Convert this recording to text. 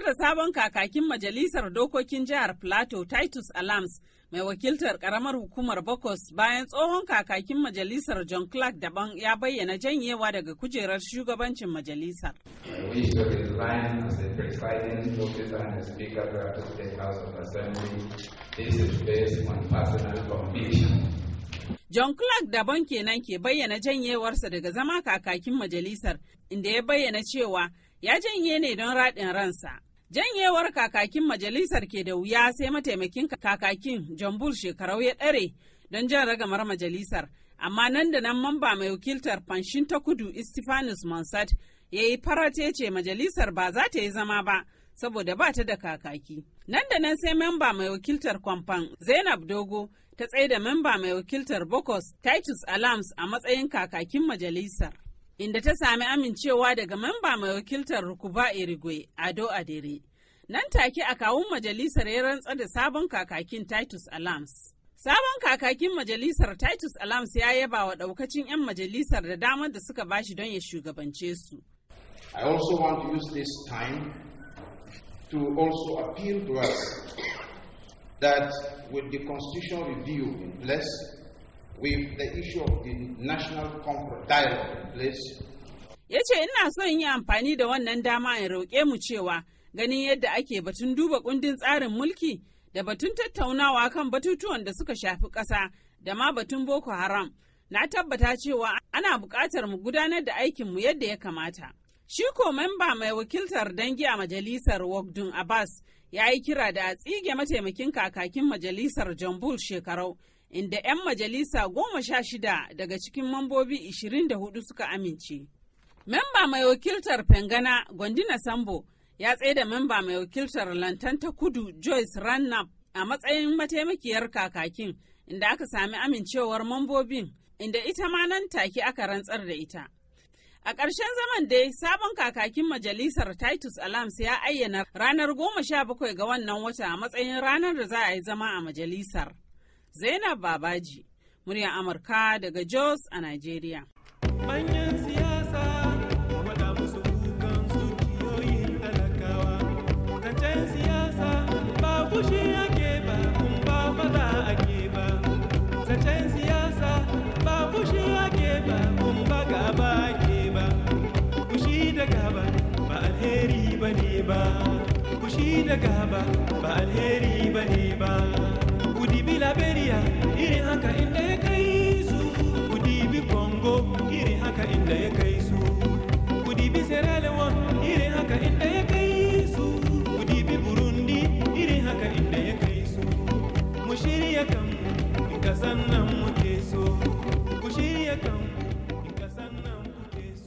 rantsar da sabon kakakin majalisar dokokin jihar plateau titus alams mai wakiltar karamar hukumar bokos bayan tsohon kakakin majalisar john clark daban ya bayyana janyewa daga kujerar shugabancin majalisar John Clark daban kenan ke bayyana janyewarsa daga zama kakakin majalisar inda ya bayyana cewa ya janye ne don raɗin ransa. Janyewar kakakin majalisar ke da wuya sai mataimakin kakakin John Bull shekarau ya ɗare don jan ragamar majalisar. Amma nan da nan mamba mai wakiltar fanshin ta kudu Istifanus monsat ya yi farate ce majalisar ba za ta yi zama ba saboda ba ta da kakaki. Nan da nan sai mamba mai wakiltar kwamfan Zainab Dogo ta tsaye da mamba mai wakiltar Bokos Titus Alams a matsayin kakakin majalisar. inda ta sami amincewa daga mamba mai wakiltar Rukuba Irigwe Ado Adere. Nan take a kawun majalisar ya rantsar da sabon kakakin Titus Alams. Sabon kakakin majalisar Titus Alams ya yaba wa daukacin 'yan majalisar da damar da suka bashi don ya shugabance su. I also want to use this time to also appeal to us that with the Constitution review in place, with the issue of the national dialogue in place. Ya ce ina so in yi amfani da wannan dama in roƙe mu cewa ganin yadda ake batun duba kundin tsarin mulki da batun tattaunawa kan batutuwan da suka shafi ƙasa da ma batun Boko Haram. Na tabbata cewa ana buƙatar mu gudanar da aikinmu yadda ya kamata. Shi ko memba mai wakiltar dangi a majalisar Wagdun Abbas ya yi kira da a tsige mataimakin kakakin majalisar Jambul shekarau inda 'yan majalisa goma sha shida daga cikin mambobi 24 suka amince. Memba mai wakiltar FENGANA, Gwandina Sambo ya da memba mai wakiltar Lantan ta Kudu Joyce Rannap a matsayin mataimakiyar kakakin inda aka sami amincewar mambobin inda ita ma nan take aka rantsar da ita. A ƙarshen zaman dai sabon kakakin majalisar Titus Alams ya ayyana ranar goma sha bakwai ga wannan wata a matsayin ranar da za a yi zama a majalisar. Zainab Babaji, murya Amurka daga Jos a Najeriya. Manyan siyasa siyasa ba fushi ake ba ba ba siyasa ba fushi ba ba gaba ba fushi da gaba ba alheri ba ne ba fushi da gaba ba alheri And Zanamu